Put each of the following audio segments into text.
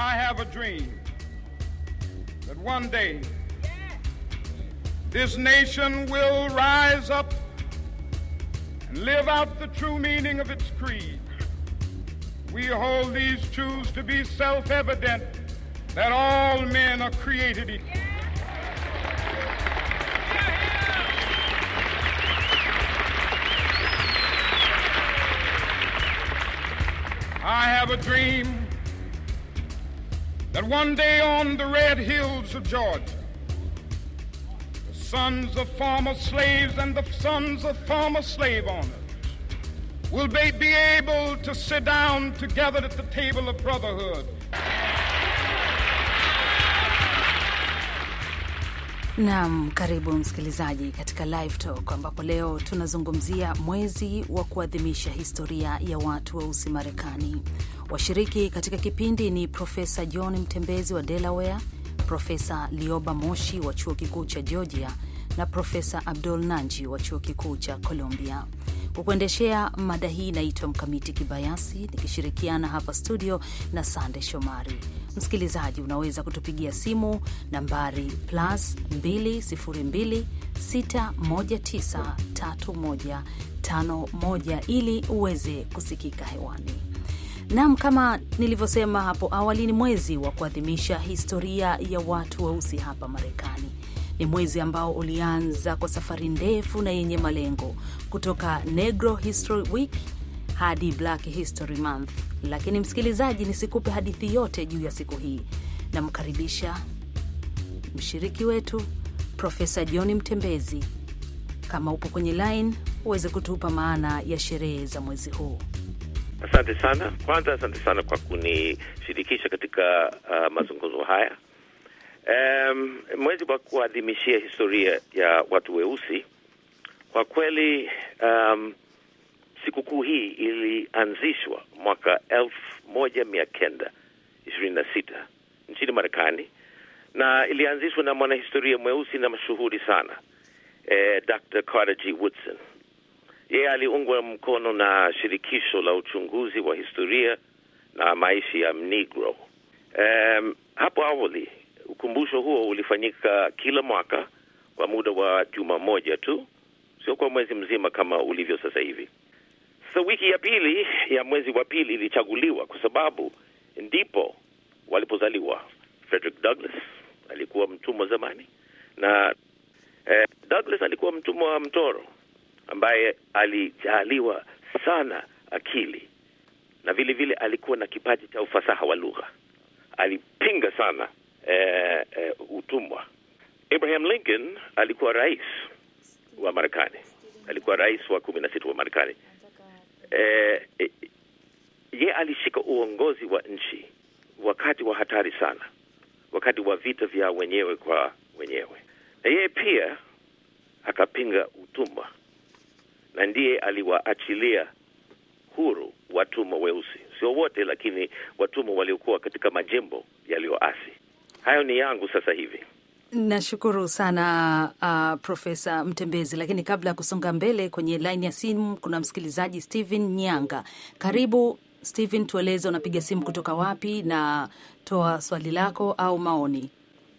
I have a dream that one day this nation will rise up and live out the true meaning of its creed. We hold these truths to be self evident that all men are created equal. I have a dream that one day on the red hills of Georgia, the sons of former slaves and the sons of former slave owners will be, be able to sit down together at the table of brotherhood. Naam, karibu msikilizaji katika Live Talk ambapo leo tunazungumzia mwezi wa kuadhimisha historia ya watu weusi Marekani. Washiriki katika kipindi ni Profesa John Mtembezi wa Delaware, Profesa Lioba Moshi wa chuo kikuu cha Georgia na Profesa Abdul Nanji wa chuo kikuu cha Columbia. Kukuendeshea mada hii inaitwa Mkamiti Kibayasi, nikishirikiana hapa studio na Sande Shomari. Msikilizaji, unaweza kutupigia simu nambari plus 202 619 3151 ili uweze kusikika hewani. Naam, kama nilivyosema hapo awali, ni mwezi wa kuadhimisha historia ya watu weusi wa hapa Marekani. Ni mwezi ambao ulianza kwa safari ndefu na yenye malengo kutoka Negro History Week hadi Black History Month. Lakini msikilizaji, nisikupe hadithi yote juu ya siku hii. Namkaribisha mshiriki wetu Profesa John Mtembezi, kama upo kwenye line uweze kutupa maana ya sherehe za mwezi huu. Asante sana. Kwanza asante sana kwa kunishirikisha katika uh, mazungumzo haya. Um, mwezi wa kuadhimishia historia ya watu weusi kwa kweli, um, sikukuu hii ilianzishwa mwaka elfu moja mia kenda ishirini na sita nchini Marekani na ilianzishwa na mwanahistoria mweusi na mashuhuri sana eh, Dr. Carter G. Woodson yeye aliungwa mkono na shirikisho la uchunguzi wa historia na maisha ya Mnigro. Um, hapo awali ukumbusho huo ulifanyika kila mwaka kwa muda wa juma moja tu, sio kwa mwezi mzima kama ulivyo sasa hivi. Sasa wiki ya pili ya mwezi wa pili ilichaguliwa kwa sababu ndipo walipozaliwa Frederick Douglass alikuwa mtumwa zamani, na eh, Douglass alikuwa mtumwa wa mtoro ambaye alijaaliwa sana akili na vile vile alikuwa na kipaji cha ufasaha wa lugha. Alipinga sana e, e, utumwa. Abraham Lincoln alikuwa rais wa Marekani, alikuwa rais wa kumi na sita wa Marekani. E, eh, e, ye alishika uongozi wa nchi wakati wa hatari sana, wakati wa vita vya wenyewe kwa wenyewe, na yeye pia akapinga utumwa na ndiye aliwaachilia huru watumwa weusi, sio wote, lakini watumwa waliokuwa katika majimbo yaliyoasi. Hayo ni yangu sasa hivi. Nashukuru sana uh, Profesa Mtembezi, lakini kabla ya kusonga mbele kwenye laini ya simu, kuna msikilizaji stehen Nyanga. Karibu stehen tueleze unapiga simu kutoka wapi na toa swali lako au maoni.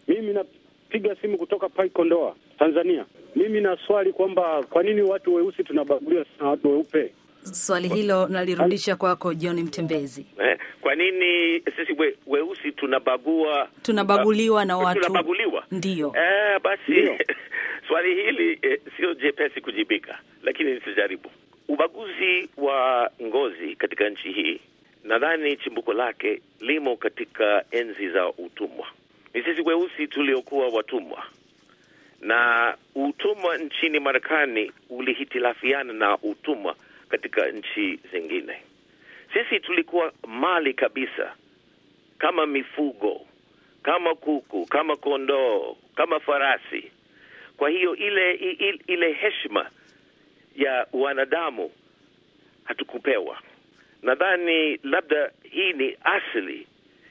Mimi napiga simu kutoka Pai, Kondoa, Tanzania mimi na swali kwamba kwa nini watu weusi tunabaguliwa sana watu weupe? Swali hilo nalirudisha kwako John Mtembezi. Eh, kwa nini sisi we, weusi tunabagua tunabaguliwa na watu tunabaguliwa? Ndio. Eh, basi Ndiyo. swali hili eh, sio jepesi kujibika, lakini nitajaribu. Ubaguzi wa ngozi katika nchi hii nadhani chimbuko lake limo katika enzi za utumwa. Ni sisi weusi tuliokuwa watumwa na utumwa nchini Marekani ulihitilafiana na utumwa katika nchi zingine. Sisi tulikuwa mali kabisa, kama mifugo, kama kuku, kama kondoo, kama farasi. Kwa hiyo ile ile, ile heshima ya wanadamu hatukupewa. Nadhani labda hii ni asili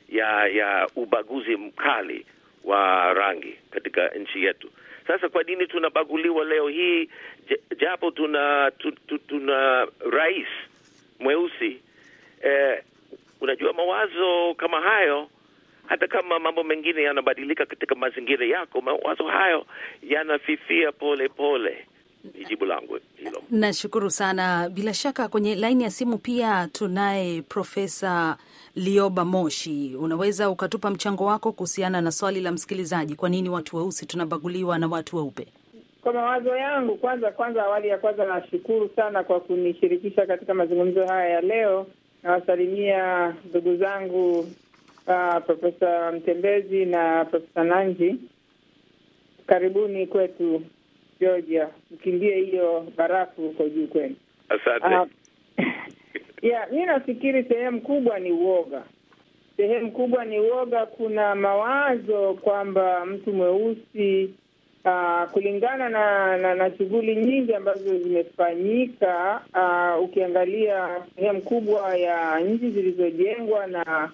ya ya ubaguzi mkali wa rangi katika nchi yetu. Sasa kwa nini tunabaguliwa leo hii japo tuna tu, tu, tuna rais mweusi eh? Unajua, mawazo kama hayo, hata kama mambo mengine yanabadilika katika mazingira yako, mawazo hayo yanafifia pole pole ni jibu langu hilo. Nashukuru sana. Bila shaka kwenye laini ya simu pia tunaye Profesa Lioba Moshi. Unaweza ukatupa mchango wako kuhusiana na swali la msikilizaji, kwa nini watu weusi tunabaguliwa na watu weupe? Kwa mawazo yangu, kwanza kwanza, awali ya kwanza, nashukuru sana kwa kunishirikisha katika mazungumzo haya ya leo. Nawasalimia ndugu zangu uh, Profesa Mtembezi na Profesa Nanji, karibuni kwetu Georgia mkimbie hiyo barafu huko juu kwenu. Asante. Uh, yeah, mi nafikiri sehemu kubwa ni uoga, sehemu kubwa ni uoga. Kuna mawazo kwamba mtu mweusi uh, kulingana na na, na shughuli nyingi ambazo zimefanyika uh, ukiangalia sehemu kubwa ya nchi zilizojengwa na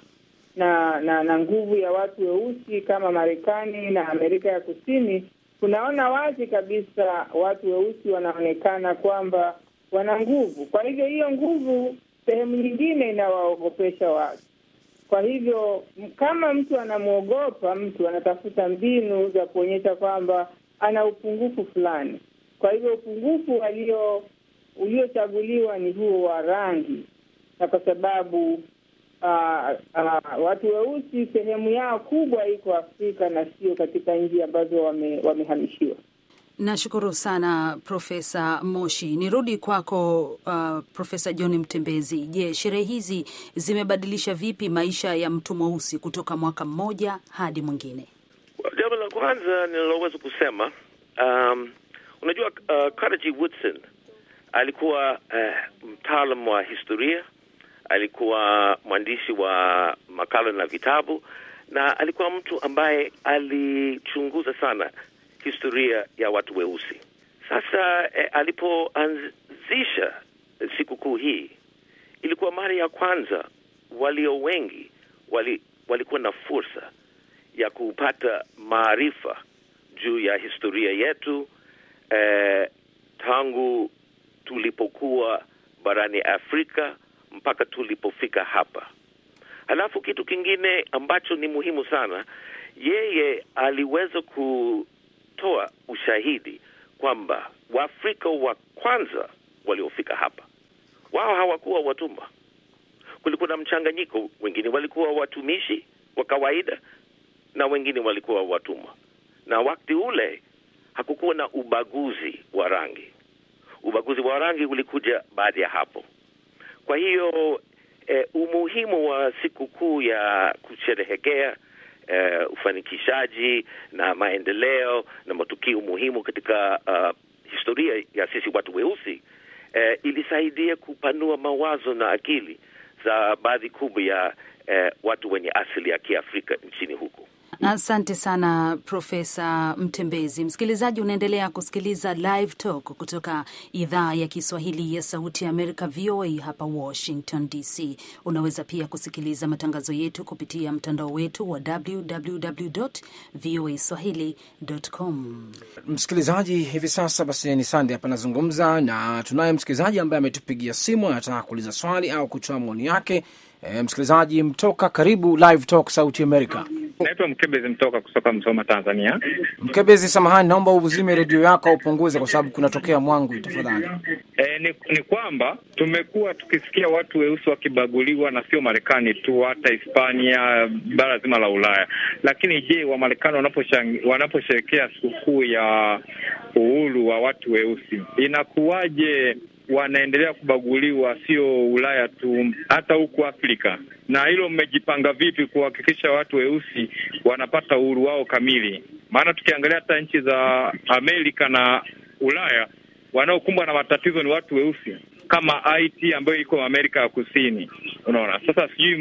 na na na nguvu ya watu weusi kama Marekani na Amerika ya Kusini tunaona wazi kabisa watu weusi wanaonekana kwamba wana nguvu. Kwa hivyo hiyo nguvu sehemu nyingine inawaogopesha watu. Kwa hivyo kama mtu anamwogopa mtu, anatafuta mbinu za kuonyesha kwamba ana upungufu fulani. Kwa hivyo upungufu alio uliochaguliwa ni huo wa rangi, na kwa sababu Uh, uh, watu weusi sehemu yao kubwa iko Afrika na sio katika nchi ambazo wame, wamehamishiwa. Nashukuru sana Profesa Moshi. Nirudi kwako uh, Profesa John Mtembezi. Je, sherehe hizi zimebadilisha vipi maisha ya mtu mweusi kutoka mwaka mmoja hadi mwingine? Jambo la kwanza ninaloweza kusema um, unajua uh, Woodson alikuwa uh, mtaalamu wa historia alikuwa mwandishi wa makala na vitabu na alikuwa mtu ambaye alichunguza sana historia ya watu weusi. Sasa eh, alipoanzisha sikukuu hii, ilikuwa mara ya kwanza walio wengi wali, walikuwa na fursa ya kupata maarifa juu ya historia yetu eh, tangu tulipokuwa barani Afrika mpaka tulipofika hapa. Halafu kitu kingine ambacho ni muhimu sana, yeye aliweza kutoa ushahidi kwamba Waafrika wa kwanza waliofika hapa wao hawakuwa watumwa. Kulikuwa na mchanganyiko, wengine walikuwa watumishi wa kawaida na wengine walikuwa watumwa, na wakati ule hakukuwa na ubaguzi wa rangi. Ubaguzi wa rangi ulikuja baada ya hapo. Kwa hiyo eh, umuhimu wa siku kuu ya kusherehekea eh, ufanikishaji na maendeleo na matukio muhimu katika uh, historia ya sisi watu weusi eh, ilisaidia kupanua mawazo na akili za baadhi kubwa ya eh, watu wenye asili ya Kiafrika nchini huku. Asante sana Profesa Mtembezi. Msikilizaji, unaendelea kusikiliza Live Talk kutoka idhaa ya Kiswahili ya Sauti ya Amerika, VOA hapa Washington DC. Unaweza pia kusikiliza matangazo yetu kupitia mtandao wetu wa www voa swahili.com. Msikilizaji, hivi sasa basi ni Sande hapa anazungumza na tunaye msikilizaji ambaye ametupigia simu, anataka kuuliza swali au kutoa maoni yake E, msikilizaji Mtoka, karibu Live Talk Sauti Amerika. Naitwa Mkebezi Mtoka kutoka Msoma, Tanzania. Mkebezi, samahani, naomba uzime redio yako upunguze, kwa sababu kunatokea mwangu, tafadhali. E, ni, ni kwamba tumekuwa tukisikia watu weusi wakibaguliwa, na sio Marekani tu, hata Hispania, bara zima la Ulaya. Lakini je, Wamarekani wanaposherekea sikukuu ya uhuru wa watu weusi inakuwaje? wanaendelea kubaguliwa, sio Ulaya tu, hata huku Afrika. Na hilo mmejipanga vipi kuhakikisha watu weusi wanapata uhuru wao kamili? Maana tukiangalia hata nchi za Amerika na Ulaya, wanaokumbwa na matatizo ni watu weusi kama it ambayo iko Amerika ya Kusini. Unaona, sasa sijui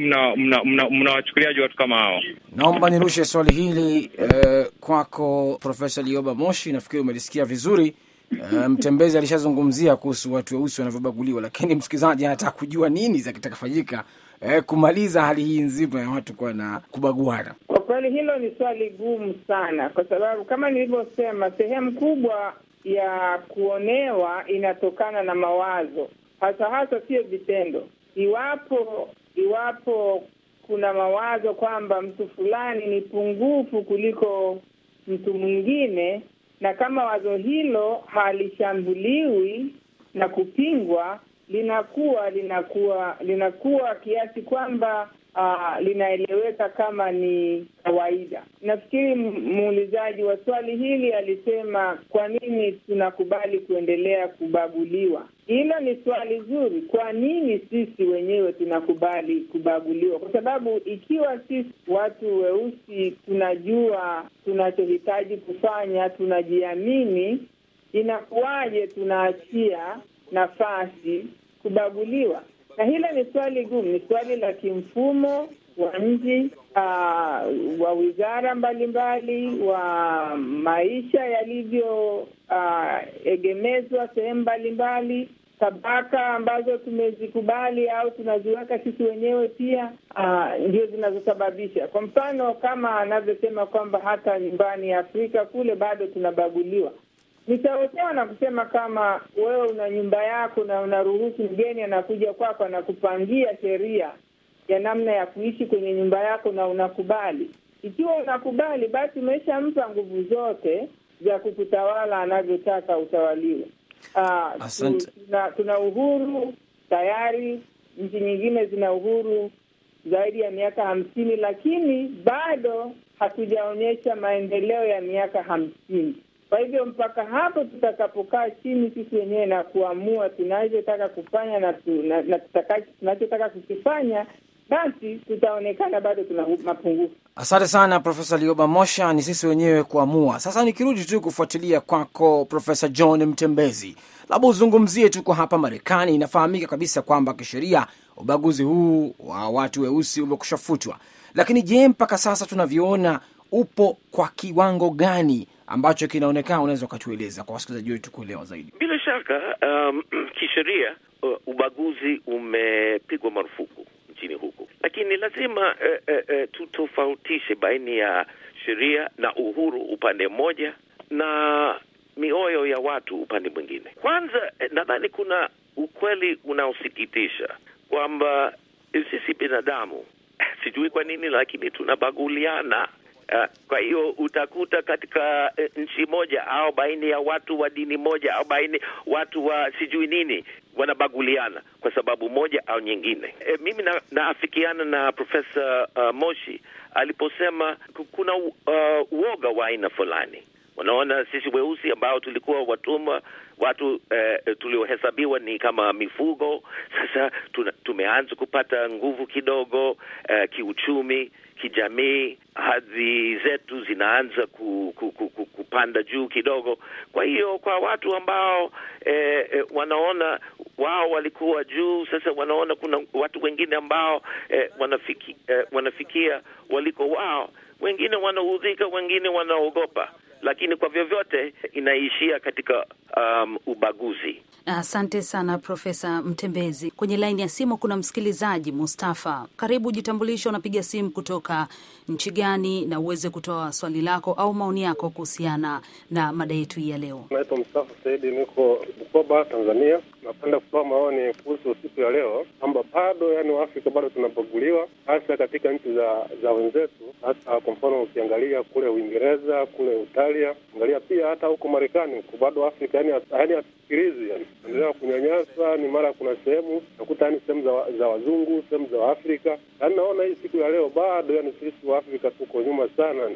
mnawachukuliaje watu kama hao? Naomba nirushe swali hili eh, kwako Profesa Lioba Moshi, nafikiri umelisikia vizuri Eh, mtembezi alishazungumzia kuhusu watu weusi wanavyobaguliwa, lakini msikilizaji anataka kujua nini za kitakafanyika eh, kumaliza hali hii nzima ya watu kuwa na kubaguana. Kwa kweli hilo ni swali gumu sana, kwa sababu kama nilivyosema, sehemu kubwa ya kuonewa inatokana na mawazo, hasa hasa, sio vitendo. Iwapo iwapo kuna mawazo kwamba mtu fulani ni pungufu kuliko mtu mwingine na kama wazo hilo halishambuliwi na kupingwa, linakuwa linakuwa linakuwa kiasi kwamba uh, linaeleweka kama ni kawaida. Nafikiri muulizaji wa swali hili alisema kwa nini tunakubali kuendelea kubaguliwa. Hilo ni swali zuri. Kwa nini sisi wenyewe tunakubali kubaguliwa? Kwa sababu ikiwa sisi watu weusi tunajua tunachohitaji kufanya, tunajiamini, inakuwaje tunaachia nafasi kubaguliwa? Na hilo ni swali gumu, ni swali la kimfumo wa mji uh, ah, wa wizara mbalimbali mbali, wa maisha yalivyoegemezwa ah, uh, sehemu mbalimbali, tabaka ambazo tumezikubali au tunaziweka sisi wenyewe pia uh, ndio zinazosababisha. Kwa mfano kama anavyosema kwamba hata nyumbani ya Afrika kule bado tunabaguliwa nitaotewa na kusema kama wewe una nyumba yako na unaruhusu mgeni anakuja kwako anakupangia sheria ya namna ya kuishi kwenye nyumba yako na unakubali. Ikiwa unakubali, basi umeshampa nguvu zote za kukutawala anavyotaka utawaliwe. Ah, tuna, tuna uhuru tayari. Nchi nyingine zina uhuru zaidi ya miaka hamsini, lakini bado hatujaonyesha maendeleo ya miaka hamsini. Kwa hivyo mpaka hapo tutakapokaa chini sisi wenyewe na kuamua tunavyotaka kufanya na, tu, na, na tunachotaka kukifanya basi tutaonekana bado tuna mapungufu. Asante sana Profesa Lioba Mosha, ni sisi wenyewe kuamua. Sasa nikirudi tu kufuatilia kwako, Profesa John Mtembezi, labda uzungumzie, tuko hapa Marekani, inafahamika kabisa kwamba kisheria ubaguzi huu wa watu weusi umekushafutwa, lakini je, mpaka sasa tunavyoona upo kwa kiwango gani? ambacho kinaonekana, unaweza ukatueleza kwa wasikilizaji wetu kuelewa zaidi? Bila shaka, um, kisheria uh, ubaguzi umepigwa marufuku nchini huku, lakini lazima uh, uh, uh, tutofautishe baini ya sheria na uhuru upande mmoja na mioyo ya watu upande mwingine. Kwanza eh, nadhani kuna ukweli unaosikitisha kwamba sisi binadamu, sijui kwa nini, lakini tunabaguliana Eh, kwa hiyo utakuta katika eh, nchi moja au baini ya watu wa dini moja au baini watu wa sijui nini wanabaguliana kwa sababu moja au nyingine. E, mimi naafikiana na Profesa uh, Moshi aliposema kuna uh, uoga wa aina fulani. Unaona, sisi weusi ambao tulikuwa watumwa, watu eh, tuliohesabiwa ni kama mifugo, sasa tumeanza kupata nguvu kidogo eh, kiuchumi kijamii, hadhi zetu zinaanza ku, ku, ku, ku, kupanda juu kidogo. Kwa hiyo kwa watu ambao eh, eh, wanaona wao walikuwa juu, sasa wanaona kuna watu wengine ambao eh, wanafiki, eh, wanafikia waliko wao, wengine wanaudhika, wengine wanaogopa lakini kwa vyovyote inaishia katika um, ubaguzi. Asante sana Profesa Mtembezi. Kwenye laini ya simu kuna msikilizaji Mustafa. Karibu, jitambulisho, unapiga simu kutoka nchi gani, na uweze kutoa swali lako au maoni yako kuhusiana na mada yetu hii ya leo. Naitwa Mstafu Saidi, niko Bukoba, Tanzania. Napenda kutoa maoni kuhusu siku ya leo kwamba bado, yani, Waafrika bado tunabaguliwa, hasa katika nchi za za wenzetu, hasa kwa mfano ukiangalia kule Uingereza, kule Italia, angalia pia hata huko Marekani huko bado Afrika yani hatusikilizi, yani endelea kunyanyasa. Ni mara kuna sehemu nakuta yani sehemu za, za wazungu, sehemu za Waafrika, yani naona hii siku ya leo bado yani sisi Afrika tuko nyuma sana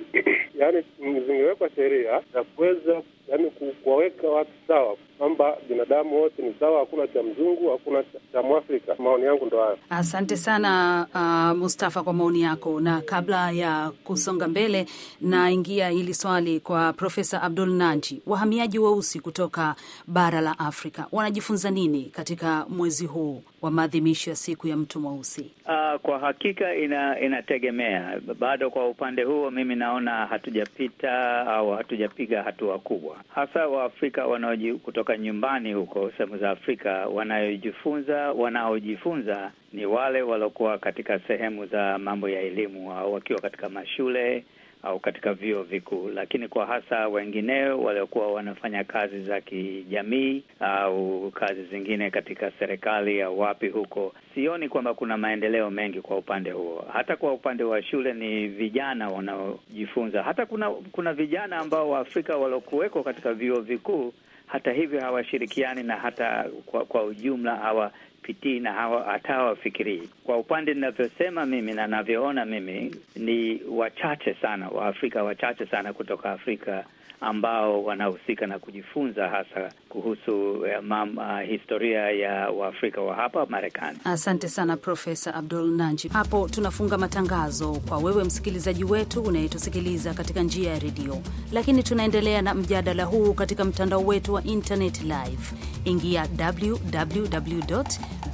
yaani zingewekwa sheria za kuweza yaani kuwaweka watu sawa kwamba binadamu wote ni sawa, hakuna cha mzungu, hakuna cha Mwafrika. Maoni yangu ndo hayo. Asante sana uh, Mustafa kwa maoni yako, na kabla ya kusonga mbele, naingia hili swali kwa Profesa Abdul Naji. Wahamiaji weusi kutoka bara la Afrika wanajifunza nini katika mwezi huu wa maadhimisho ya siku ya mtu mweusi? Uh, kwa hakika ina, inategemea bado. Kwa upande huo mimi naona hatujapita au hatujapiga hatua kubwa, hasa Waafrika wanaoji kutoka kutoka nyumbani huko sehemu za Afrika, wanayojifunza wanaojifunza ni wale waliokuwa katika sehemu za mambo ya elimu au wakiwa katika mashule au katika vyuo vikuu, lakini kwa hasa wengineo waliokuwa wanafanya kazi za kijamii au kazi zingine katika serikali au wapi huko, sioni kwamba kuna maendeleo mengi kwa upande huo. Hata kwa upande wa shule ni vijana wanaojifunza, hata kuna kuna vijana ambao Waafrika waliokuweko katika vyuo vikuu hata hivyo hawashirikiani na hata kwa, kwa ujumla hawapitii na hawa, hata hawafikirii. Kwa upande ninavyosema mimi na navyoona mimi, ni wachache sana Waafrika wachache sana kutoka Afrika ambao wanahusika na kujifunza hasa kuhusu eh, mama, ah, historia ya Waafrika wa hapa Marekani. Asante sana Profesa Abdul Nanji. Hapo tunafunga matangazo kwa wewe msikilizaji wetu unayetusikiliza katika njia ya redio, lakini tunaendelea na mjadala huu katika mtandao wetu wa internet live. Ingia www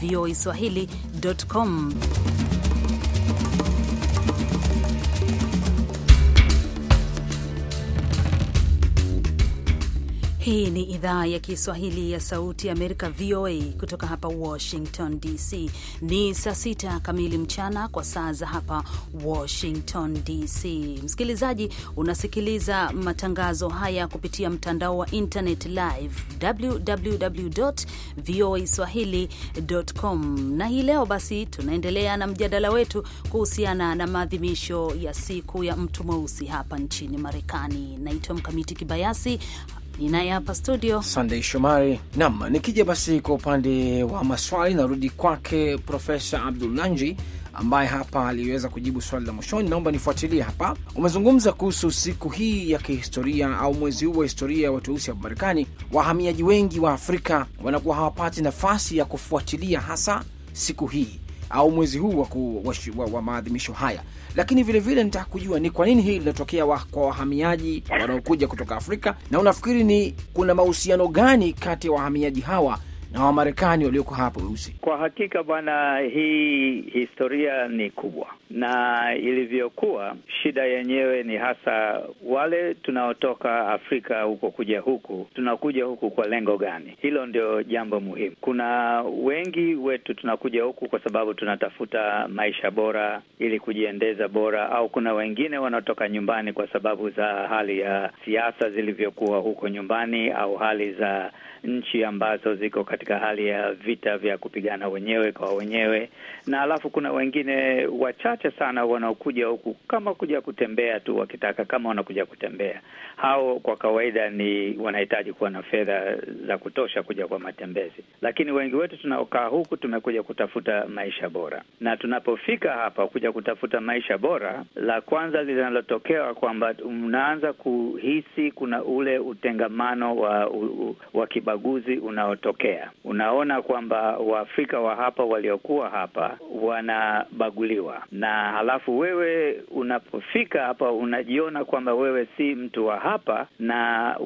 voa swahilicom Hii ni idhaa ya Kiswahili ya Sauti ya Amerika, VOA, kutoka hapa Washington DC. Ni saa sita kamili mchana kwa saa za hapa Washington DC. Msikilizaji, unasikiliza matangazo haya kupitia mtandao wa internet live www voa swahili.com. Na hii leo basi tunaendelea na mjadala wetu kuhusiana na maadhimisho ya siku ya mtu mweusi hapa nchini Marekani. Naitwa Mkamiti Kibayasi naye hapa studio Sandey Shomari. Nam, nikija basi kwa upande wa maswali, narudi kwake Profesa Abdul Lanji ambaye hapa aliweza kujibu swali la mwishoni. Naomba nifuatilie hapa. Umezungumza kuhusu siku hii ya kihistoria au mwezi huu wa historia ya watu weusi hapa Marekani. Wahamiaji wengi wa Afrika wanakuwa hawapati nafasi ya kufuatilia hasa siku hii au mwezi huu wa, wa, wa maadhimisho haya lakini vilevile nitaka kujua ni kwa nini hii linatokea wa, kwa wahamiaji wanaokuja kutoka Afrika, na unafikiri ni kuna mahusiano gani kati ya wahamiaji hawa na Wamarekani walioko hapa weusi. Kwa hakika bwana, hii historia ni kubwa, na ilivyokuwa shida yenyewe ni hasa wale tunaotoka Afrika huko kuja huku, tunakuja huku kwa lengo gani? Hilo ndio jambo muhimu. Kuna wengi wetu tunakuja huku kwa sababu tunatafuta maisha bora ili kujiendeza bora, au kuna wengine wanaotoka nyumbani kwa sababu za hali ya siasa zilivyokuwa huko nyumbani au hali za nchi ambazo ziko katika hali ya vita vya kupigana wenyewe kwa wenyewe, na alafu kuna wengine wachache sana wanaokuja huku kama kuja kutembea tu, wakitaka kama wanakuja kutembea. Hao kwa kawaida ni wanahitaji kuwa na fedha za kutosha kuja kwa matembezi, lakini wengi wetu tunaokaa huku tumekuja kutafuta maisha bora, na tunapofika hapa kuja kutafuta maisha bora, la kwanza linalotokea kwamba unaanza kuhisi kuna ule utengamano wa, wa kiba ubaguzi unaotokea. Unaona kwamba Waafrika wa hapa waliokuwa hapa wanabaguliwa, na halafu wewe unapofika hapa unajiona kwamba wewe si mtu wa hapa, na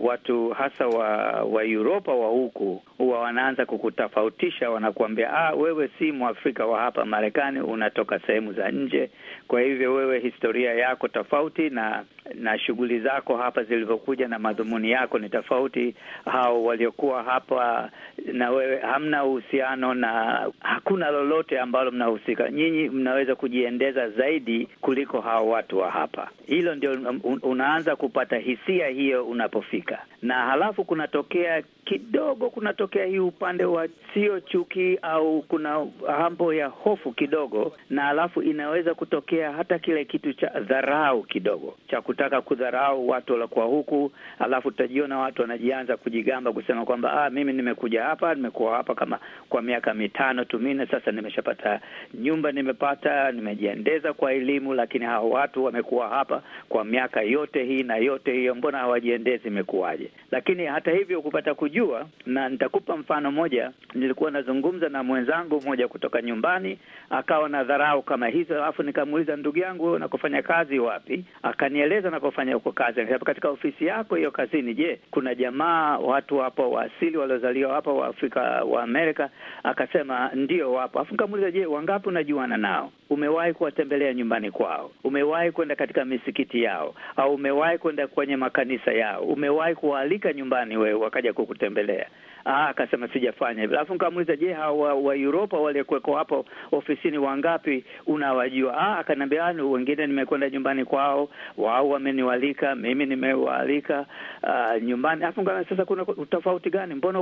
watu hasa wa wa Uropa wa huku huwa wanaanza kukutofautisha, wanakuambia ah, wewe si Mwafrika wa hapa Marekani, unatoka sehemu za nje, kwa hivyo wewe historia yako tofauti na na shughuli zako hapa zilivyokuja na madhumuni yako ni tofauti. Hao waliokuwa hapa na wewe hamna uhusiano na hakuna lolote ambalo mnahusika. Nyinyi mnaweza kujiendeza zaidi kuliko hao watu wa hapa. Hilo ndio unaanza kupata hisia hiyo unapofika, na halafu kunatokea kidogo, kunatokea hii upande wa sio chuki au kuna hambo ya hofu kidogo, na halafu inaweza kutokea hata kile kitu cha dharau kidogo cha kutaka kudharau watu waliokuwa huku, alafu tutajiona watu wanajianza kujigamba kusema kwamba ah, mimi nimekuja hapa, nimekuwa hapa kama kwa miaka mitano tu mine, sasa nimeshapata nyumba, nimepata, nimejiendeza kwa elimu, lakini hao watu wamekuwa hapa kwa miaka yote hii na yote hiyo, mbona hawajiendezi? Imekuwaje? Lakini hata hivyo kupata kujua, na nitakupa mfano moja. Nilikuwa nazungumza na mwenzangu mmoja kutoka nyumbani, akawa na dharau kama hizo, alafu nikamuuliza ndugu yangu, nakufanya kazi wapi? Akanieleza anakofanya huko kazi, anasema katika ofisi yako hiyo kazini, je, kuna jamaa watu wapo wa asili waliozaliwa hapa wa Afrika wa Amerika? Akasema ndio wapo. Afu nikamuuliza, je, wangapi unajuana nao? Umewahi kuwatembelea nyumbani kwao? Umewahi kwenda katika misikiti yao? Au umewahi kwenda kwenye makanisa yao? Umewahi kuwaalika nyumbani wewe wakaja kukutembelea? Ah, akasema sijafanya hivyo. Alafu nikamuuliza je, hawa wa Europa kuweko hapo ofisini wangapi unawajua? Ah, akaniambia ah, wengine nimekwenda nyumbani kwao, wao wameniwalika, mimi nimewaalika uh, nyumbani. Alafu nikamwambia sasa, kuna tofauti gani? Mbona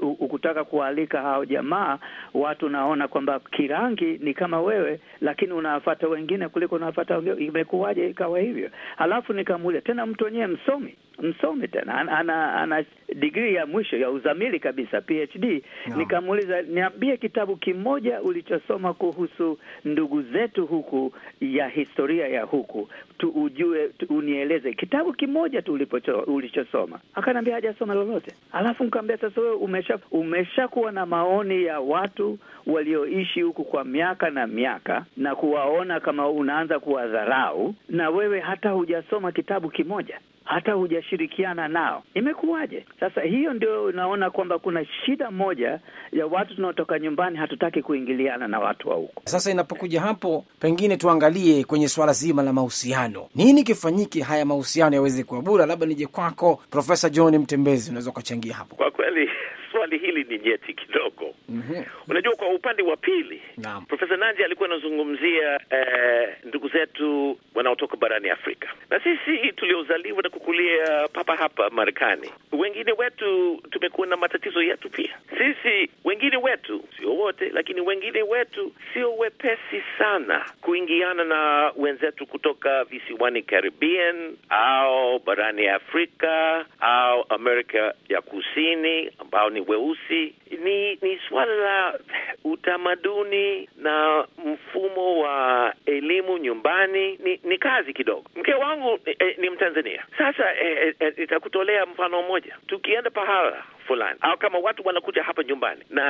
ukutaka kualika hao jamaa watu, naona kwamba kirangi ni kama wewe, lakini unawafata wengine kuliko unawafata wengine, imekuwaje ikawa hivyo? alafu nikamuuliza tena mtu wenyewe msomi msomi tena ana, ana, ana digrii ya mwisho ya uzamili kabisa PhD Nikamuuliza, niambie kitabu kimoja ulichosoma kuhusu ndugu zetu huku ya historia ya huku tu ujue tu, unieleze kitabu kimoja tu ulichosoma. Akaniambia hajasoma lolote. Alafu nikamwambia sasa, wewe umesha umeshakuwa na maoni ya watu walioishi huku kwa miaka na miaka na kuwaona kama unaanza kuwadharau, na wewe hata hujasoma kitabu kimoja hata hujashirikiana nao, imekuwaje? Sasa hiyo ndio unaona kwamba kuna shida moja ya watu tunaotoka nyumbani, hatutaki kuingiliana na watu wa huko. Sasa inapokuja hapo, pengine tuangalie kwenye swala zima la mahusiano, nini kifanyike haya mahusiano yaweze kuwa bora. Labda nije kwako Profesa John Mtembezi, unaweza ukachangia hapo. Kwa kweli swali hili ni nyeti kidogo. mm -hmm. Unajua, kwa upande wa pili Profesa Nanji alikuwa anazungumzia eh, ndugu zetu wanaotoka barani Afrika na sisi tuliozaliwa na kukulia papa hapa Marekani, wengine wetu tumekuwa na matatizo yetu pia. Sisi wengine wetu, sio wote, lakini wengine wetu sio wepesi sana kuingiana na wenzetu kutoka visiwani Caribbean au barani Afrika au Amerika ya Kusini ambao ni we weusi. Ni, ni suala la utamaduni na mfumo wa elimu nyumbani. Ni, ni kazi kidogo. Mke wangu eh, eh ni Mtanzania. Sasa nitakutolea eh, eh, eh mfano mmoja. Tukienda pahala fulani, au kama watu wanakuja hapa nyumbani na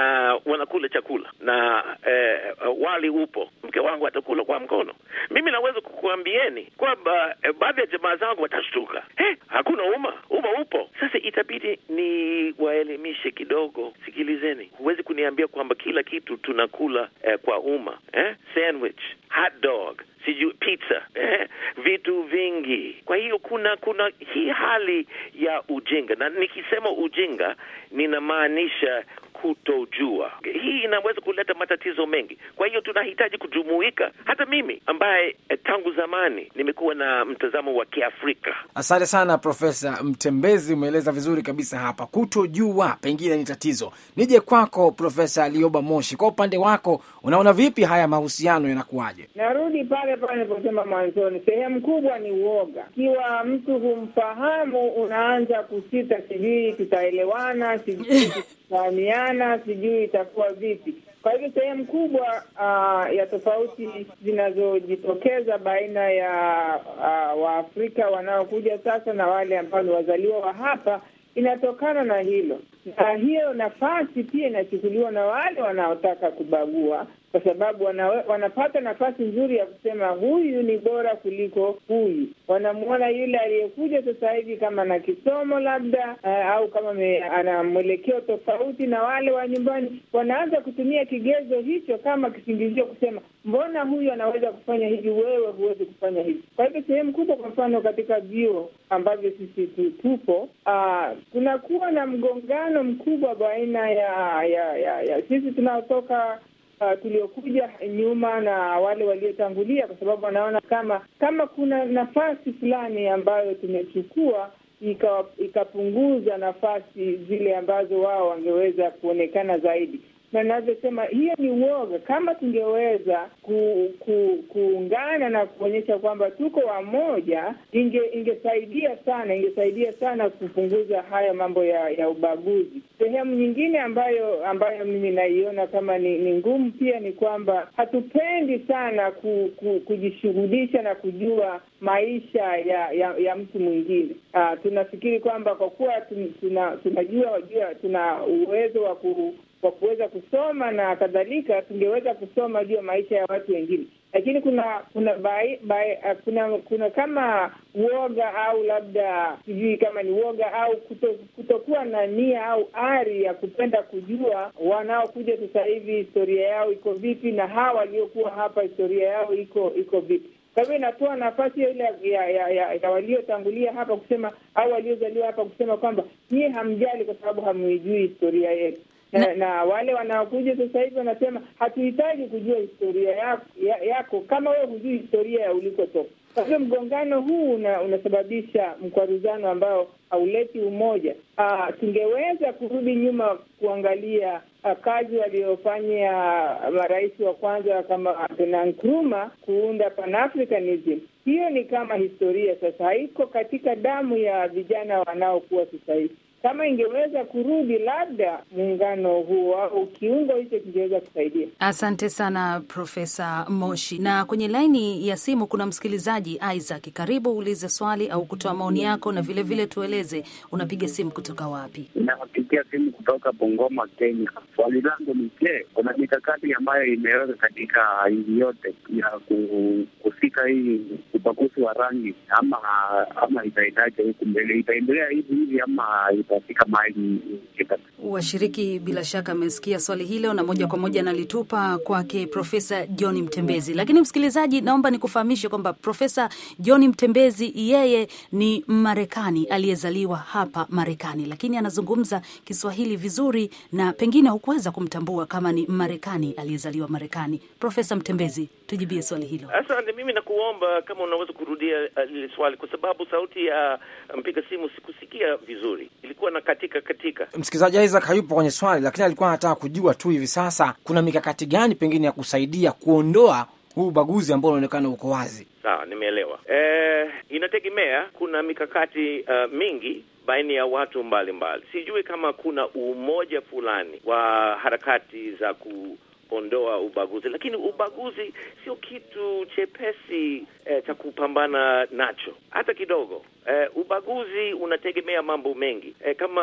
wanakula chakula na eh, wali upo, mke wangu atakula kwa mkono. Mimi naweza kukuambieni kwamba eh, baadhi ya jamaa zangu watashtuka, hey, hakuna umma, umma upo. Sasa itabidi ni waelimishe kidogo. Sikilizeni, huwezi kuniambia kwamba kila kitu tunakula eh, kwa umma eh? sandwich hot dog, sijui pizza, eh, vitu vingi. Kwa hiyo kuna kuna hii hali ya ujinga, na nikisema ujinga ninamaanisha kutojua. Hii inaweza kuleta matatizo mengi, kwa hiyo tunahitaji kujumuika. Hata mimi ambaye eh, tangu zamani nimekuwa na mtazamo wa Kiafrika. Asante sana Profesa Mtembezi, umeeleza vizuri kabisa hapa. Kutojua pengine ni tatizo. Nije kwako Profesa Lioba Moshi, kwa upande wako unaona vipi haya mahusiano yanakuwaje? Narudi pale pale niliposema mwanzoni, sehemu kubwa ni uoga. Ikiwa mtu humfahamu, unaanza kusita, sijui tutaelewana, sijui tutafahamiana sana, sijui itakuwa vipi. Kwa hivyo sehemu kubwa uh, ya tofauti zinazojitokeza baina ya uh, Waafrika wanaokuja sasa na wale ambao ni wazaliwa wa hapa inatokana na hilo, na hiyo nafasi pia inachukuliwa na wale wanaotaka kubagua kwa sababu wana, wanapata nafasi nzuri ya kusema huyu ni bora kuliko huyu. Wanamwona yule aliyekuja sasa hivi kama na kisomo labda, uh, au kama me, ana mwelekeo tofauti na wale wa nyumbani. Wanaanza kutumia kigezo hicho kama kisingizio kusema mbona huyu anaweza kufanya hivi, wewe huwezi kufanya hivi. Kwa hivyo sehemu kubwa, kwa mfano, katika vyuo ambavyo sisi tupo, uh, kunakuwa na mgongano mkubwa baina ya, ya, ya, ya sisi tunaotoka uh, tuliokuja nyuma na wale waliotangulia, kwa sababu wanaona kama kama kuna nafasi fulani ambayo tumechukua ikapunguza nafasi zile ambazo wao wangeweza kuonekana zaidi na navyosema, hiyo ni uoga. Kama tungeweza ku, ku, kuungana na kuonyesha kwamba tuko wamoja, inge, ingesaidia sana, ingesaidia sana kupunguza haya mambo ya, ya ubaguzi. Sehemu nyingine ambayo ambayo mimi naiona kama ni, ni ngumu pia ni kwamba hatupendi sana ku, ku, kujishughulisha na kujua maisha ya ya, ya mtu mwingine. Ah, tunafikiri kwamba kwa kuwa tunajua tuna, tuna, tuna uwezo wa kwa kuweza kusoma na kadhalika, tungeweza kusoma juu ya maisha ya watu wengine, lakini kuna kuna bae, bae, uh, kuna kuna kama uoga au labda sijui kama ni uoga au kuto, kutokuwa na nia au ari ya kupenda kujua wanaokuja sasa hivi historia yao iko vipi na hawa waliokuwa hapa historia yao iko iko vipi. Kwa hivyo inatoa nafasi ile ya, ya, ya, ya waliotangulia hapa kusema au waliozaliwa hapa kusema kwamba nyie hamjali kwa sababu hamuijui historia yetu na, na wale wanaokuja sasa hivi wanasema hatuhitaji kujua historia yako, ya, yako kama wewe hujui historia ya ulikotoka. Kwa hiyo mgongano huu una, unasababisha mkwaruzano ambao hauleti umoja. Ah, tungeweza kurudi nyuma kuangalia a, ah, kazi waliofanya ah, marais wa kwanza kama Kwame Nkrumah kuunda Pan-Africanism. Hiyo ni kama historia sasa, haiko katika damu ya vijana wanaokuwa sasa hivi. Kama ingeweza kurudi, labda muungano huo au kiungo hicho kingeweza kusaidia. Asante sana Profesa Moshi. Na kwenye laini ya simu kuna msikilizaji Isaac. Karibu uulize swali au kutoa maoni yako, na vilevile vile tueleze unapiga simu kutoka wapi. Nawapigia simu kutoka Bungoma, Kenya. Swali langu ni je, kuna mikakati ambayo imeweka katika nchi yote ya kufika hii ubaguzi wa rangi, ama ama itahitaji huku mbele itaendelea hivi hivi ama Então, fica mais em em dia Washiriki bila shaka amesikia swali hilo na moja kwa moja nalitupa kwake Profesa John Mtembezi. Lakini msikilizaji, naomba nikufahamishe kwamba Profesa John Mtembezi yeye ni Marekani aliyezaliwa hapa Marekani, lakini anazungumza Kiswahili vizuri na pengine hukuweza kumtambua kama ni Marekani aliyezaliwa Marekani. Profesa Mtembezi, tujibie swali hilo. Asante. Mimi nakuomba kama unaweza kurudia uh, lile uh, swali kwa sababu sauti ya uh, mpiga simu sikusikia vizuri, ilikuwa na katika katika. Msikilizaji Isaac hayupo kwenye swali, lakini alikuwa anataka kujua tu hivi sasa kuna mikakati gani pengine ya kusaidia kuondoa huu ubaguzi ambao unaonekana uko wazi. Sawa, nimeelewa. E, inategemea kuna mikakati uh, mingi baina ya watu mbalimbali mbali. Sijui kama kuna umoja fulani wa harakati za ku kuondoa ubaguzi, lakini ubaguzi sio kitu chepesi eh, cha kupambana nacho hata kidogo. Eh, ubaguzi unategemea mambo mengi eh, kama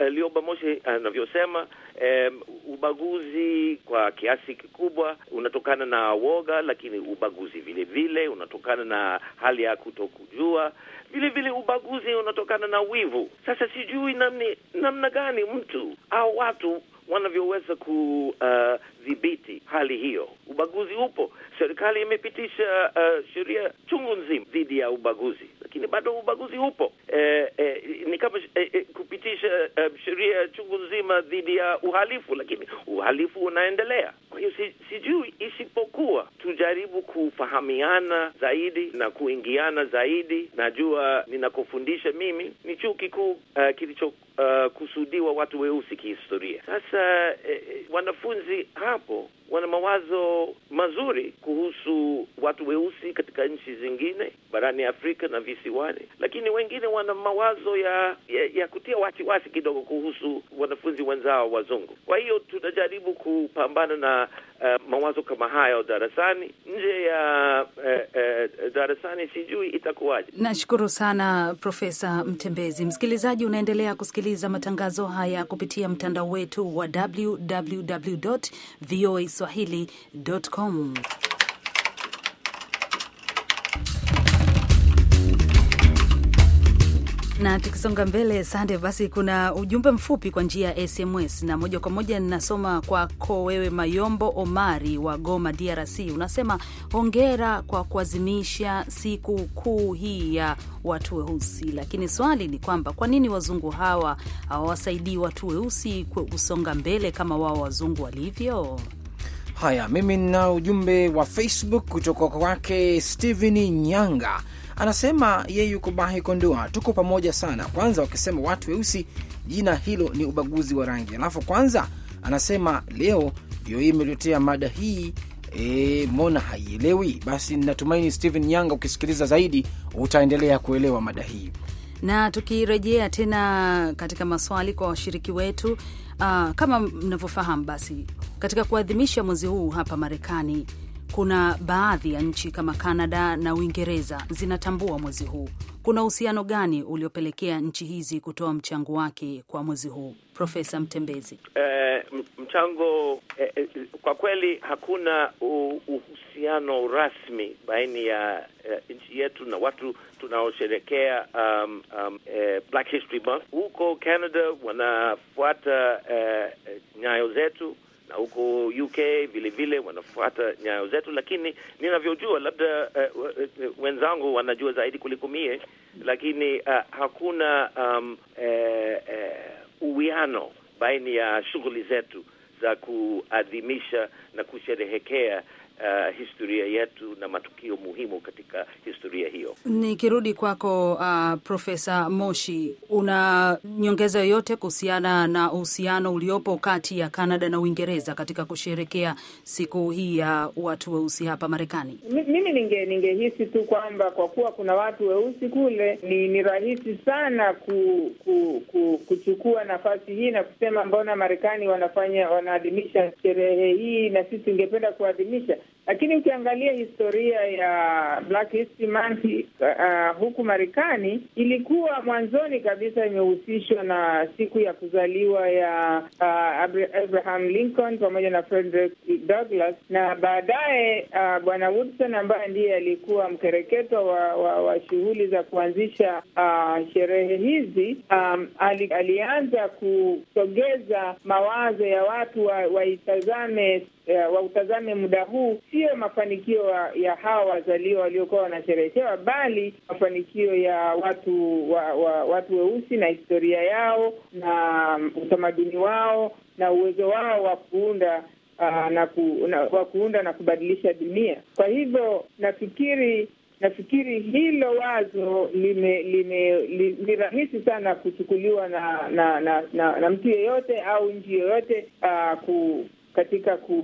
eh, Lioba Moshe anavyosema eh, ubaguzi kwa kiasi kikubwa unatokana na woga, lakini ubaguzi vile vile unatokana na hali ya kutokujua, vile vile ubaguzi unatokana na wivu. Sasa sijui namni, namna gani mtu au watu wanavyoweza kudhibiti uh, hali hiyo. Ubaguzi upo, serikali imepitisha uh, sheria chungu nzima dhidi ya ubaguzi, lakini bado ubaguzi upo. Eh, eh, ni kama eh, eh kupitisha uh, sheria chungu nzima dhidi ya uhalifu, lakini uhalifu unaendelea hiyo si, sijui isipokuwa tujaribu kufahamiana zaidi na kuingiana zaidi. Najua ninakofundisha mimi ni chuo kikuu uh, kilichokusudiwa uh, watu weusi kihistoria. Sasa eh, eh wanafunzi hapo wana mawazo mazuri kuhusu watu weusi katika nchi zingine barani Afrika na visiwani, lakini wengine wana mawazo ya ya, ya kutia wasiwasi kidogo kuhusu wanafunzi wenzao wazungu. Kwa hiyo tunajaribu kupambana na uh, mawazo kama hayo darasani, nje ya uh, uh, darasani, sijui itakuwaje. Nashukuru sana Profesa Mtembezi. Msikilizaji, unaendelea kusikiliza matangazo haya kupitia mtandao wetu wa www voa swahili.com. na tukisonga mbele Sande, basi kuna ujumbe mfupi kwa njia ya SMS na moja kwa moja ninasoma kwako wewe, Mayombo Omari wa Goma, DRC. Unasema hongera kwa kuazimisha siku kuu hii ya watu weusi, lakini swali ni kwamba kwa nini wazungu hawa hawawasaidii watu weusi kusonga mbele kama wao wazungu walivyo? Haya, mimi nina ujumbe wa Facebook kutoka kwake Steven Nyanga, anasema yeye yuko Bahi Kondoa, tuko pamoja sana. Kwanza wakisema watu weusi, jina hilo ni ubaguzi wa rangi. Alafu kwanza anasema leo ndio hii imeletea mada hii E, mbona haielewi? Basi natumaini Steven Nyanga, ukisikiliza zaidi utaendelea kuelewa mada hii. Na tukirejea tena katika maswali kwa washiriki wetu, uh, kama mnavyofahamu basi katika kuadhimisha mwezi huu hapa Marekani, kuna baadhi ya nchi kama Kanada na Uingereza zinatambua mwezi huu. Kuna uhusiano gani uliopelekea nchi hizi kutoa mchango wake kwa mwezi huu, Profesa Mtembezi? Eh, mchango eh, eh, kwa kweli hakuna uhusiano rasmi baini ya eh, nchi yetu na watu tunaosherekea um, um, eh, Black History Month. Huko Canada wanafuata eh, eh nyayo zetu na huko UK vile vile wanafuata nyayo zetu, lakini ninavyojua, labda uh, wenzangu wanajua zaidi kuliko mie, lakini uh, hakuna um, eh, eh, uwiano baini ya shughuli zetu za kuadhimisha na kusherehekea Uh, historia yetu na matukio muhimu katika historia hiyo. Nikirudi kwako, uh, Profesa Moshi, una nyongeza yoyote kuhusiana na uhusiano uliopo kati ya Canada na Uingereza katika kusherekea siku hii ya watu weusi hapa Marekani? Mimi ninge ningehisi tu kwamba kwa kuwa kuna watu weusi kule, ni, ni rahisi sana ku, ku, ku, kuchukua nafasi hii na kusema mbona Marekani wanafanya wanaadhimisha sherehe hii na sisi tungependa kuadhimisha. Lakini ukiangalia historia ya Black History Month uh, uh, huku Marekani ilikuwa mwanzoni kabisa imehusishwa na siku ya kuzaliwa ya uh, Abraham Lincoln pamoja na Frederick Douglass, na baadaye uh, bwana Woodson ambaye ndiye alikuwa mkereketo wa, wa, wa shughuli za kuanzisha uh, sherehe hizi um, ali, alianza kusogeza mawazo ya watu waitazame wa uh, wautazame muda huu sio mafanikio ya hawa wazaliwa waliokuwa wanasherehekewa, bali mafanikio ya watu wa, wa, watu weusi na historia yao na um, utamaduni wao na uwezo wao wa kuunda uh, na ku, na, wa kuunda na kubadilisha dunia. Kwa hivyo nafikiri nafikiri hilo wazo lime, lime, ni rahisi sana kuchukuliwa na na na, na, na mtu yeyote au nchi yoyote uh, ku, katika ku,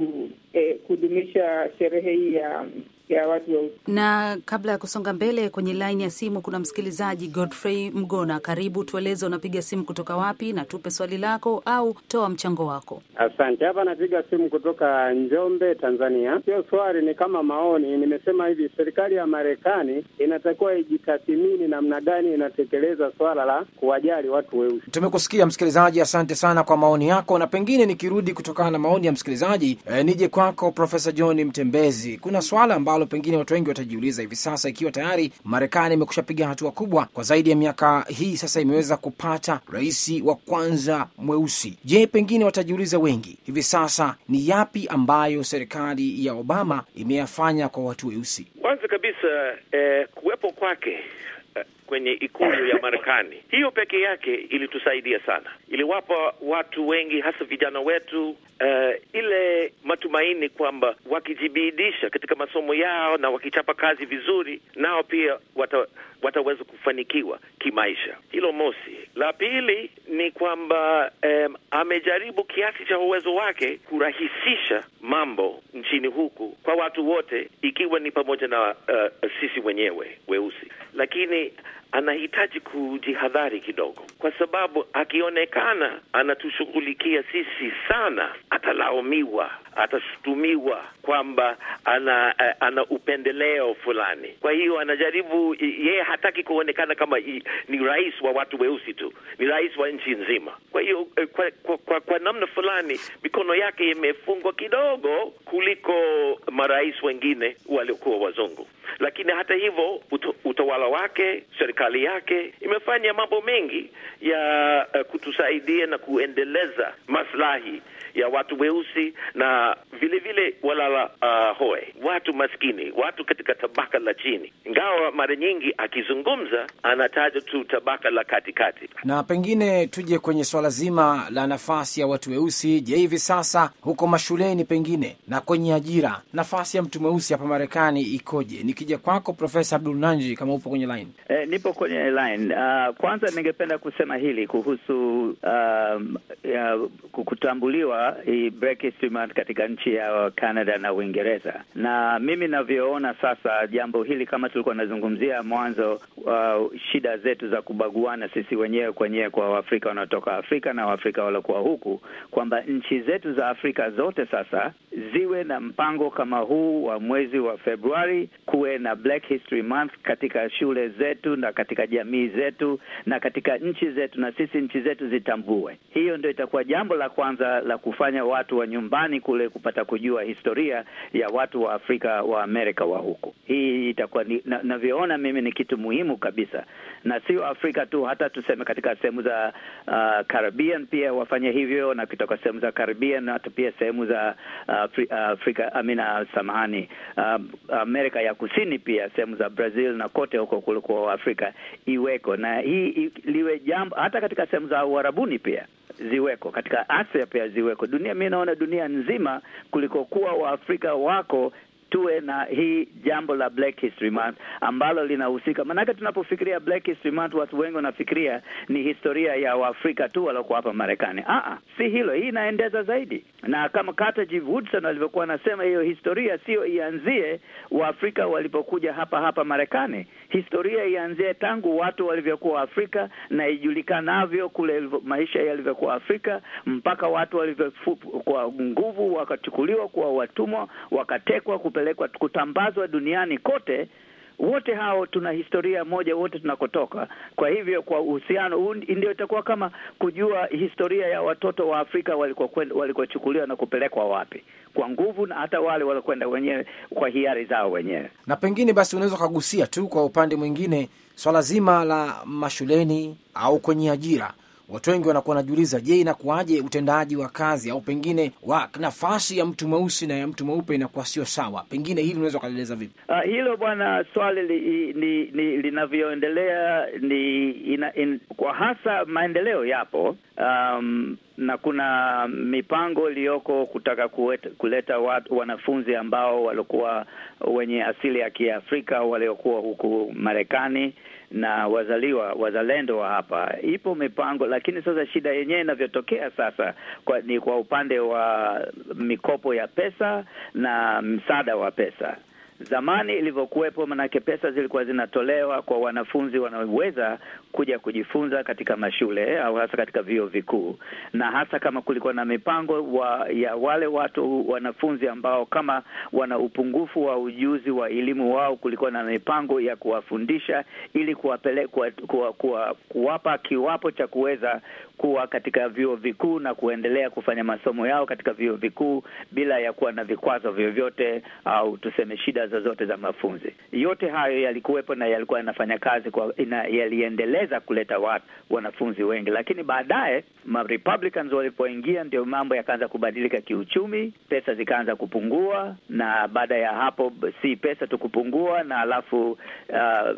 eh, kudumisha sherehe hii ya ya watu weusi. Na kabla ya kusonga mbele, kwenye laini ya simu kuna msikilizaji Godfrey Mgona. Karibu, tueleze unapiga simu kutoka wapi na tupe swali lako au toa mchango wako. Asante. Hapa napiga simu kutoka Njombe, Tanzania. Hiyo swali ni kama maoni. Nimesema hivi, serikali ya Marekani inatakiwa ijitathimini namna gani inatekeleza swala la kuwajali watu weusi. Tumekusikia msikilizaji, asante sana kwa maoni yako, na pengine nikirudi kutokana na maoni ya msikilizaji e, nije kwako Profesa John Mtembezi, kuna swala amba ambalo pengine watu wengi watajiuliza hivi sasa, ikiwa tayari Marekani imekusha piga hatua kubwa kwa zaidi ya miaka hii sasa, imeweza kupata rais wa kwanza mweusi. Je, pengine watajiuliza wengi hivi sasa, ni yapi ambayo serikali ya Obama imeyafanya kwa watu weusi? Kwanza kabisa eh, kuwepo kwake kwenye ikulu ya Marekani. Hiyo peke yake ilitusaidia sana, iliwapa watu wengi, hasa vijana wetu, uh, ile matumaini kwamba wakijibidisha katika masomo yao na wakichapa kazi vizuri, nao pia wata, wataweza kufanikiwa kimaisha. Hilo mosi. La pili ni kwamba um, amejaribu kiasi cha uwezo wake kurahisisha mambo nchini huku kwa watu wote, ikiwa ni pamoja na uh, sisi wenyewe weusi, lakini anahitaji kujihadhari kidogo, kwa sababu akionekana anatushughulikia sisi sana, atalaumiwa, atashutumiwa kwamba ana eh, ana upendeleo fulani. Kwa hiyo anajaribu yeye, hataki kuonekana kama ni rais wa watu weusi tu, ni rais wa nchi nzima. Kwa hiyo eh, kwa, kwa, kwa, kwa namna fulani mikono yake imefungwa kidogo kuliko marais wengine waliokuwa wazungu. Lakini hata hivyo, utawala wake, serikali yake imefanya mambo mengi ya uh, kutusaidia na kuendeleza maslahi ya watu weusi na vilevile walala uh, hoe, watu maskini, watu katika tabaka la chini, ingawa mara nyingi akizungumza anataja tu tabaka la katikati. Na pengine tuje kwenye swala zima la nafasi ya watu weusi. Je, hivi sasa huko mashuleni pengine na kwenye ajira, nafasi ya mtu mweusi hapa Marekani ikoje? Nikija kwako Profesa Abdul Nanji, kama upo kwenye line. Eh, nipo kwenye line. Uh, kwanza ningependa kusema hili kuhusu uh, um, uh, kutambuliwa hii katika nchi ya Canada na Uingereza. Na mimi navyoona sasa jambo hili, kama tulikuwa nazungumzia mwanzo, uh, shida zetu za kubaguana sisi wenyewe kwenyewe kwa Waafrika wanaotoka Afrika na Waafrika waliokuwa huku, kwamba nchi zetu za Afrika zote sasa ziwe na mpango kama huu wa mwezi wa Februari, kuwe na Black History Month katika shule zetu na katika jamii zetu na katika nchi zetu, na sisi nchi zetu zitambue hiyo. Ndio itakuwa jambo la kwanza la kufanya watu wa nyumbani kule kupata kujua historia ya watu wa Afrika wa Amerika wa huku. Hii itakuwa ninavyoona mimi ni kitu muhimu kabisa na sio Afrika tu, hata tuseme katika sehemu za uh, Caribbean pia wafanye hivyo, na kutoka sehemu za Caribbean hata pia sehemu za uh, uh Afrika amina, uh, samahani, uh, Amerika ya Kusini pia sehemu za Brazil na kote huko kuliko Afrika iweko, na hii liwe jambo hata katika sehemu za Uarabuni pia ziweko katika Asia pia ziweko. Dunia, mi naona dunia nzima kuliko kuwa Waafrika wako tuwe na hii jambo la Black History Month ambalo linahusika, maanake tunapofikiria Black History Month watu wengi wanafikiria ni historia ya Waafrika tu waliokuwa hapa Marekani. Ah, ah, si hilo, hii inaendeza zaidi, na kama Carter G. Woodson alivyokuwa anasema, hiyo historia sio ianzie Waafrika walipokuja hapa hapa Marekani. Historia ianzie tangu watu walivyokuwa Afrika na ijulikanavyo kule maisha yalivyokuwa Afrika mpaka watu walivyokuwa nguvu, wakachukuliwa kuwa watumwa, wakatekwa kupe kupelekwa kutambazwa duniani kote. Wote hao tuna historia moja, wote tunakotoka. Kwa hivyo, kwa uhusiano huu ndio itakuwa kama kujua historia ya watoto wa Afrika walikochukuliwa na kupelekwa wapi kwa nguvu, na hata wale walikwenda wenyewe kwa hiari zao wenyewe. Na pengine basi unaweza ukagusia tu kwa upande mwingine swala so zima la mashuleni au kwenye ajira watu wengi wanakuwa wanajiuliza, je, inakuwaje utendaji wa kazi au pengine wa nafasi ya mtu mweusi na ya mtu mweupe inakuwa sio sawa? Pengine hili unaweza ukaeleza vipi? Uh, hilo bwana, swali li, ni, ni, linavyoendelea ni ina, in, kwa hasa maendeleo yapo um, na kuna mipango iliyoko kutaka kuweta, kuleta watu, wanafunzi ambao walikuwa wenye asili ya Kiafrika waliokuwa huku Marekani na wazaliwa wazalendo wa hapa. Ipo mipango, lakini sasa shida yenyewe inavyotokea sasa kwa, ni kwa upande wa mikopo ya pesa na msaada wa pesa zamani ilivyokuwepo, manake pesa zilikuwa zinatolewa kwa wanafunzi wanaoweza kuja kujifunza katika mashule au hasa katika vyuo vikuu, na hasa kama kulikuwa na mipango wa, ya wale watu wanafunzi ambao kama wana upungufu wa ujuzi wa elimu wao, kulikuwa na mipango ya kuwafundisha ili kuwapele, kuwa, kuwa, kuwa, kuwapa kiwapo cha kuweza kuwa katika vyuo vikuu na kuendelea kufanya masomo yao katika vyuo vikuu bila ya kuwa na vikwazo vyovyote au tuseme shida zozote za mafunzi. Yote hayo yalikuwepo na yalikuwa yanafanya kazi kwa ina, yaliendeleza kuleta watu, wanafunzi wengi, lakini baadaye ma Republicans walipoingia ndio mambo yakaanza kubadilika kiuchumi, pesa zikaanza kupungua, na baada ya hapo si pesa tu kupungua na alafu uh,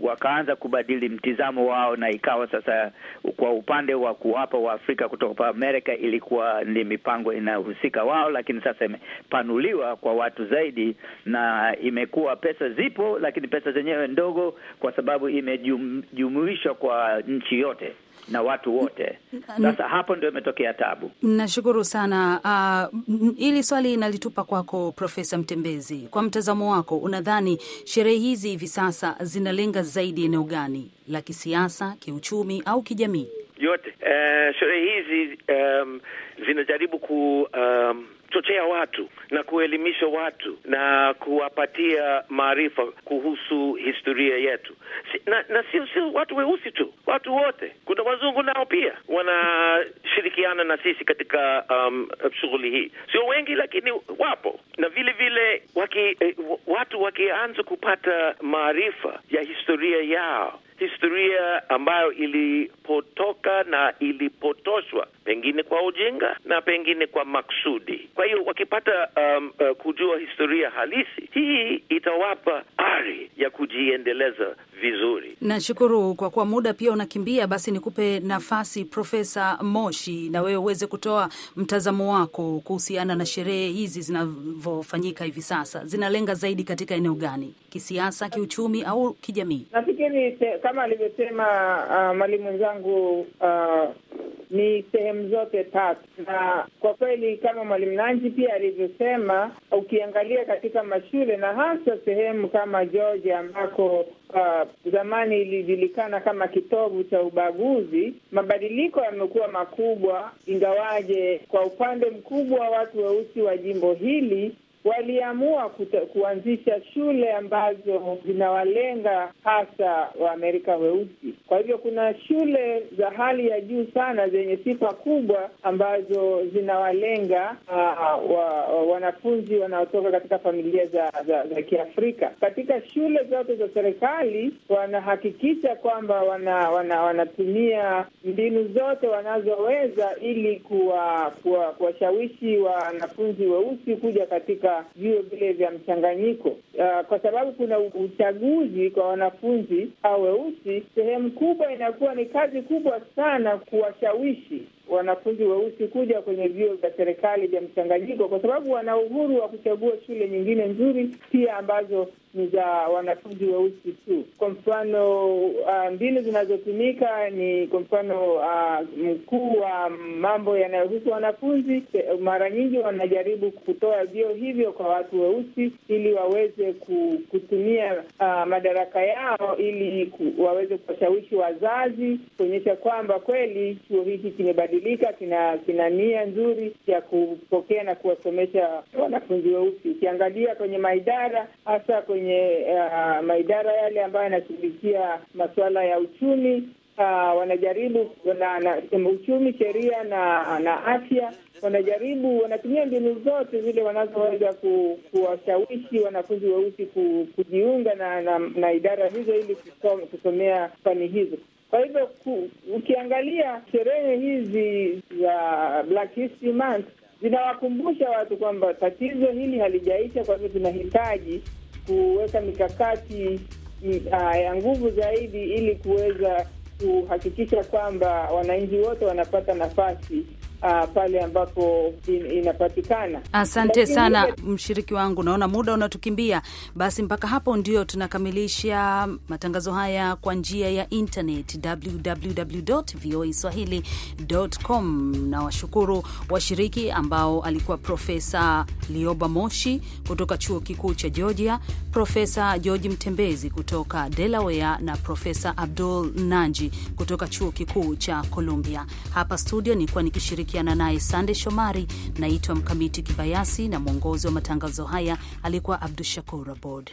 wakaanza kubadili mtizamo wao na ikawa sasa kwa upande wa ku kuwapa Waafrika kutoka Amerika ilikuwa ni mipango inayohusika wao, lakini sasa imepanuliwa kwa watu zaidi, na imekuwa pesa zipo, lakini pesa zenyewe ndogo, kwa sababu imejumuishwa kwa nchi yote na watu wote. Sasa hapo ndio imetokea tabu. Nashukuru sana. Ah, hili uh, swali inalitupa kwako Profesa Mtembezi, kwa mtazamo wako, unadhani sherehe hizi hivi sasa zinalenga zaidi eneo gani la kisiasa, kiuchumi au kijamii? yote. Uh, sherehe hizi um, zinajaribu ku um, kuchochea watu na kuelimisha watu na kuwapatia maarifa kuhusu historia yetu si, na, na sio sio watu weusi tu, watu wote. Kuna wazungu nao pia wanashirikiana na sisi katika um, shughuli hii, sio wengi, lakini wapo. Na vile vile waki, eh, watu wakianza kupata maarifa ya historia yao historia ambayo ilipotoka na ilipotoshwa pengine kwa ujinga na pengine kwa maksudi. Kwa hiyo wakipata um, uh, kujua historia halisi, hii itawapa ari ya kujiendeleza vizuri. Nashukuru kwa kuwa muda pia unakimbia, basi nikupe nafasi Profesa Moshi na wewe uweze kutoa mtazamo wako kuhusiana na sherehe hizi zinavyofanyika hivi sasa, zinalenga zaidi katika eneo gani? kisiasa, kiuchumi au kijamii? Nafikiri kama alivyosema uh, mwalimu mwenzangu uh, ni sehemu zote tatu, na kwa kweli kama mwalimu Nanji pia alivyosema, ukiangalia katika mashule na hasa sehemu kama Georgia ambako Uh, zamani ilijulikana kama kitovu cha ubaguzi. Mabadiliko yamekuwa makubwa, ingawaje kwa upande mkubwa watu weusi wa jimbo hili waliamua kuta, kuanzisha shule ambazo zinawalenga hasa Waamerika weusi. Kwa hivyo kuna shule za hali ya juu sana zenye sifa kubwa ambazo zinawalenga ah, wa, wanafunzi wanaotoka katika familia za, za, za Kiafrika. Katika shule zote za serikali wanahakikisha kwamba wana, wana, wanatumia mbinu zote wanazoweza ili kuwashawishi kuwa, kuwa wanafunzi weusi kuja katika vyuo vile vya mchanganyiko uh, kwa sababu kuna uchaguzi kwa wanafunzi hao weusi. Sehemu kubwa inakuwa ni kazi kubwa sana kuwashawishi wanafunzi weusi kuja kwenye vyuo vya serikali vya mchanganyiko, kwa sababu wana uhuru wa kuchagua shule nyingine nzuri pia ambazo ni za wanafunzi weusi tu. Kwa mfano uh, mbinu zinazotumika ni kwa mfano uh, mkuu wa mambo yanayohusu wanafunzi mara nyingi wanajaribu kutoa vyeo hivyo kwa watu weusi ili waweze kutumia uh, madaraka yao ili waweze kuwashawishi wazazi kuonyesha kwamba kweli chuo hiki kimebadilika kimebadilika, kina kina nia nzuri ya kupokea na kuwasomesha wanafunzi weusi. Ukiangalia kwenye maidara, hasa kwenye uh, maidara yale ambayo yanashughulikia masuala ya uchumi Uh, wanajaribu na, na, uchumi, sheria na na afya, wanajaribu wanatumia mbinu zote zile wanazoweza ku, kuwashawishi wanafunzi weusi ku, kujiunga na, na na idara hizo ili kusomea fani hizo. Kwa hivyo ukiangalia sherehe hizi za Black History Month zinawakumbusha watu kwamba tatizo hili halijaisha, kwa hivyo tunahitaji kuweka mikakati ah, ya nguvu zaidi ili kuweza kuhakikisha kwamba wananchi wote wanapata nafasi uh, pale ambapo in, inapatikana. Asante Lakin sana hile... mshiriki wangu, naona muda unatukimbia. Basi mpaka hapo ndio tunakamilisha matangazo haya kwa njia ya internet www.voaswahili.com. Na washukuru washiriki ambao alikuwa Profesa Lioba Moshi kutoka Chuo Kikuu cha Georgia, Profesa George Mtembezi kutoka Delaware na Profesa Abdul Nanji kutoka Chuo Kikuu cha Columbia. Hapa studio nilikuwa nikishiriki nimeshirikiana naye Sande Shomari. Naitwa Mkamiti Kibayasi na mwongozi wa matangazo haya alikuwa Abdu Shakur Abod.